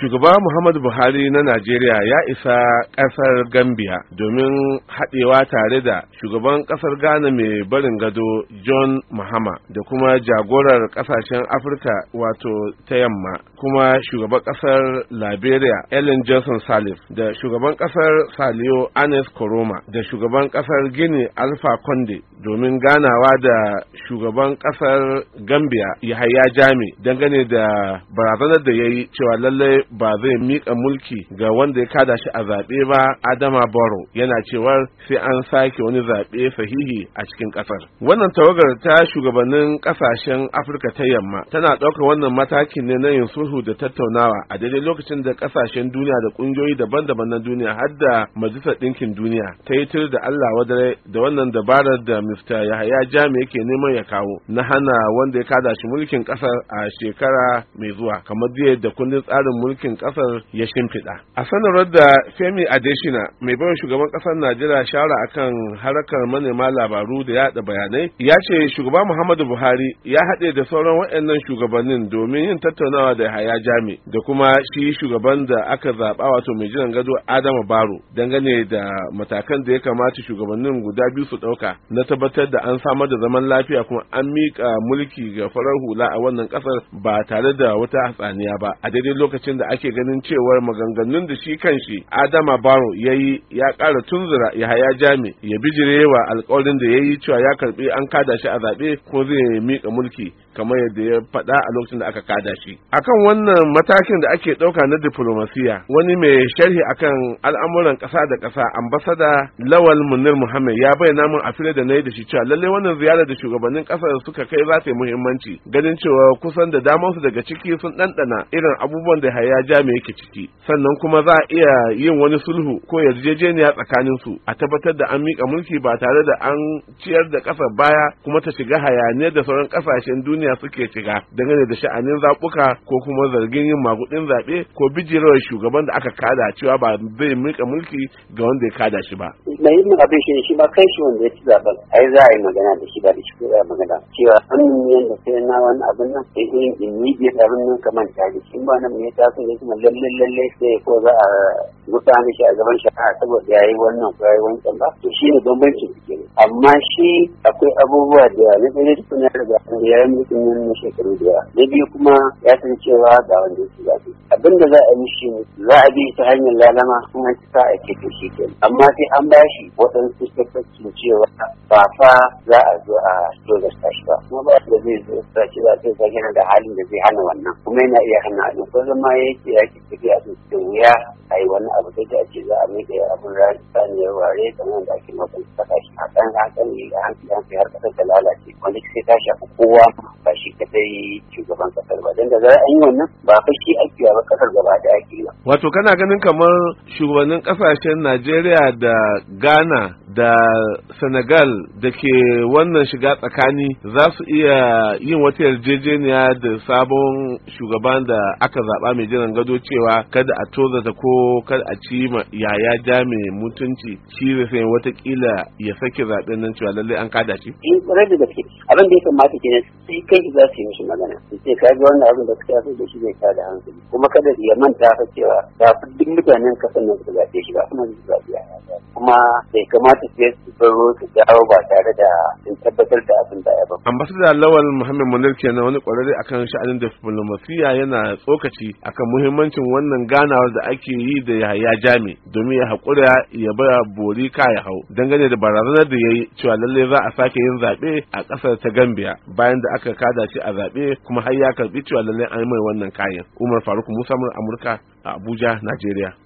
shugaba muhammadu buhari na najeriya ya isa kasar gambia domin haɗewa tare da shugaban kasar ghana mai barin gado john mahama da kuma jagorar kasashen afirka wato ta yamma kuma shugaban kasar liberia ellen johnson salif da shugaban kasar Salio anes koroma da shugaban kasar gini alpha conde domin ganawa da shugaban kasar gambia yahaya jami dangane da barazanar da ya yi cewa lallai ba zai mika mulki ga wanda ya kada shi a zaɓe ba adama baro yana cewar sai an sake wani zaɓe sahihi a cikin ƙasar wannan tawagar ta shugabannin ƙasashen afirka ta yamma tana ɗaukar wannan matakin ne na yin sulhu da tattaunawa a daidai lokacin da ƙasashen duniya da ƙungiyoyi daban-daban na duniya har da majalisar ɗinkin duniya ta yi tir da allah wadare da wannan dabarar da mr yahaya jami yake neman ya kawo na hana wanda ya kada shi mulkin ƙasar a shekara mai zuwa kamar da kundin tsarin mulki mulkin kasar ya shimfiɗa a sanarwar da femi adeshina mai bayan shugaban kasar najeriya shara akan harkar manema labaru da yada bayanai ya ce shugaba muhammadu buhari ya haɗe da sauran waɗannan shugabannin domin yin tattaunawa da haya jami da kuma shi shugaban da aka zaɓa wato mai jiran gado adama baro dangane da matakan da ya kamata shugabannin guda biyu su ɗauka na tabbatar da an samar da zaman lafiya kuma an miƙa mulki ga farar hula a wannan ƙasar ba tare da wata hatsaniya ba a daidai lokacin da da ake ganin cewar maganganun da shi kanshi Adama Barrow ya yi ya ƙara tunzura Yahaya Jami ya bijirewa alƙawarin da ya yi cewa ya karɓi an kada shi a zaɓe ko zai miƙa mulki kamar yadda ya faɗa a lokacin da aka kada shi akan wannan matakin da ake ɗauka na diplomasiya wani mai sharhi akan al'amuran ƙasa da ƙasa ambasada lawal munir muhammad ya bayyana mun a fili da na yi da shi cewa lallai wannan ziyara da shugabannin ƙasar suka kai za ta yi muhimmanci ganin cewa kusan da damansu daga ciki sun ɗanɗana irin abubuwan da haya jami yake ciki sannan kuma za a iya yin wani sulhu ko yarjejeniya tsakanin su a tabbatar da an miƙa mulki ba tare da an ciyar da ƙasar baya kuma ta shiga hayaniyar da sauran ƙasashen duniya duniya suke shiga dangane da sha'anin zaɓuka ko kuma zargin yin magudin zaɓe ko bijirar shugaban da aka kada cewa ba zai mika mulki ga wanda ya kada shi ba. Mai yin abin shi shi ba kai shi wanda ya ci zaɓen ai za a yi magana da shi ba da shi ko ya magana cewa an yi yadda sai na wani abin nan sai irin immediate abin nan kamar ta shi ba na mai ta sun ya kuma lallai lallai sai ko za a mutane shi a gaban shari'a saboda yi wannan ko wancan ba to ne bambancin su amma shi akwai abubuwa da yawa na ɗaya tukun ya riga ya yi mulkin nan na shekaru da yawa na biyu kuma ya san cewa ga wanda yake zaɓe abin da za a yi shi za a bi ta hanyar lalama kuma ci sa a cikin shi kenan amma sai an ba shi waɗansu tabbacin cewa ba fa za a zo a da shi ba kuma ba da zai zo da shi za sai yana da halin da zai hana wannan kuma yana iya hana ko zama yake ya ke tafiya da wuya a yi wani abu da da ake za a mai da abin saniyar ware kamar da ake mafi saka shi a ɗan hakan ne da hankali hankali har kasar ta lalace wanda sai ta shafi kowa ba shi kadai shugaban ƙasar ba don da za a yi wannan ba fa shi ake ba kasar gaba da ake ba. wato kana ganin kamar shugabannin kasashen najeriya da ghana da senegal da ke wannan shiga tsakani za su iya yin wata yarjejeniya da sabon shugaban da aka zaɓa mai jiran gado cewa kada a tozata ko kada a ci yaya jami mutunci shi da sai watakila ya sake zaɓen nan cewa lallai an kada shi. in eh, kwarai da gaske abin da ya kamata kenan sai kai za su yi mishi magana su ce ka ga wannan abin da suka yi da shi zai tada hankali kuma kada ya manta fa cewa ba duk mutanen kasan nan su zaɓe shi ba kuma su zaɓe kuma bai kamata su su baro su dawo ba tare da sun tabbatar da abin da ya ba. Ambasada Lawal Muhammad Munir kenan wani kwararre akan sha'anin diplomasiya yana tsokaci akan muhimmancin wannan ganawar da ake yi da Yahaya Jami domin ya haƙura ya ba bori ka ya hau dangane da barazanar da ya yi cewa lallai za a sake yin zaɓe a ƙasar ta Gambia bayan da aka kada shi a zaɓe kuma har ya karɓi cewa lalle an yi mai wannan kayan. Umar Faruk Musa Amurka a Abuja, Najeriya.